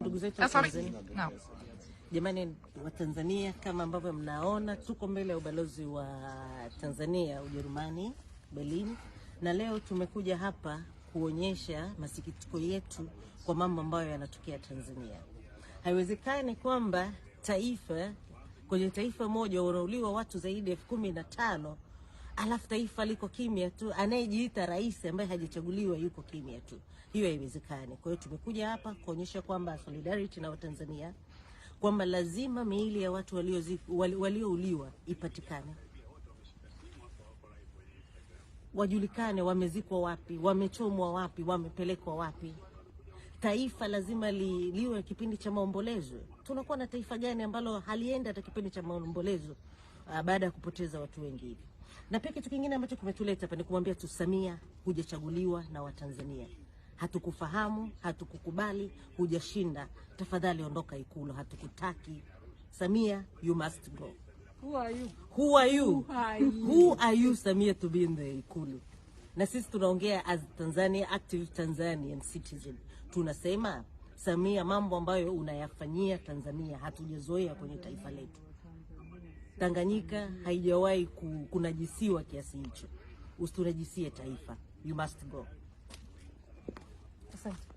Ndugu zetu wa ah, Tanzania. Naam. Jamani wa Tanzania, kama ambavyo mnaona tuko mbele ya ubalozi wa Tanzania Ujerumani Berlin, na leo tumekuja hapa kuonyesha masikitiko yetu kwa mambo ambayo yanatokea Tanzania. Haiwezekani kwamba taifa kwenye taifa moja wanauliwa watu zaidi ya elfu kumi na tano alafu taifa liko kimya tu, anayejiita rais ambaye hajachaguliwa yuko kimya tu. Hiyo haiwezekani. Kwa hiyo tumekuja hapa kuonyesha kwamba solidarity na Watanzania kwamba lazima miili ya watu waliouliwa wali ipatikane, wajulikane wamezikwa wapi, wamechomwa wapi, wamepelekwa wapi. Taifa lazima li, liwe kipindi cha maombolezo. Tunakuwa na taifa gani ambalo halienda hata kipindi cha maombolezo ah, baada ya kupoteza watu wengi hivi? Na pia kitu kingine ambacho kimetuleta hapa ni kumwambia tu Samia, hujachaguliwa na Watanzania, hatukufahamu, hatukukubali, hujashinda, tafadhali ondoka Ikulu, hatukutaki. Samia, you must go. Who are you? Who are you? Who are you? Who are you, Samia, to be in the Ikulu? Na sisi tunaongea as Tanzania, active Tanzanian citizen, tunasema Samia, mambo ambayo unayafanyia Tanzania hatujazoea kwenye taifa letu. Tanganyika haijawahi kunajisiwa kiasi hicho. Usitunajisie taifa. You must go. Asante.